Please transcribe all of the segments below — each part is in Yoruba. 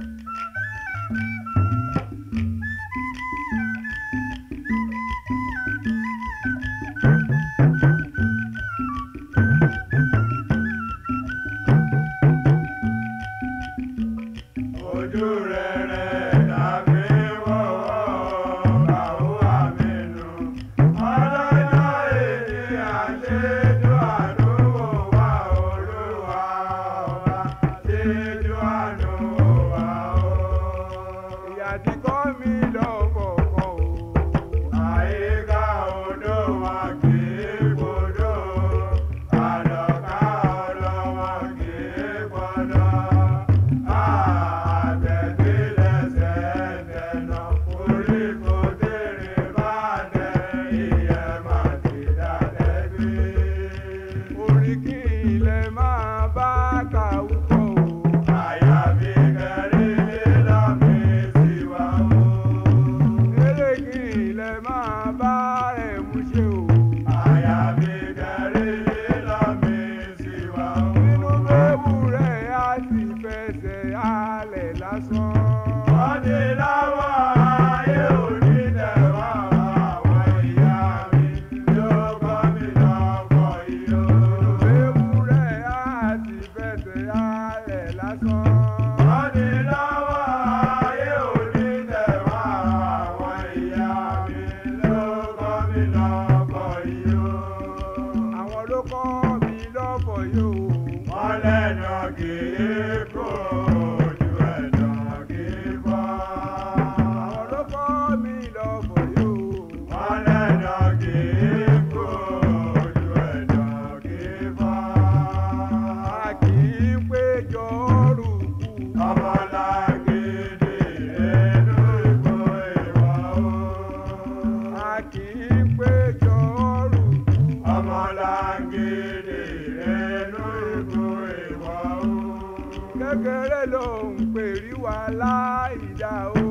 thank you lásán. Wọ́n dé òun pèrí wa láìdá o.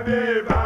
Habiba.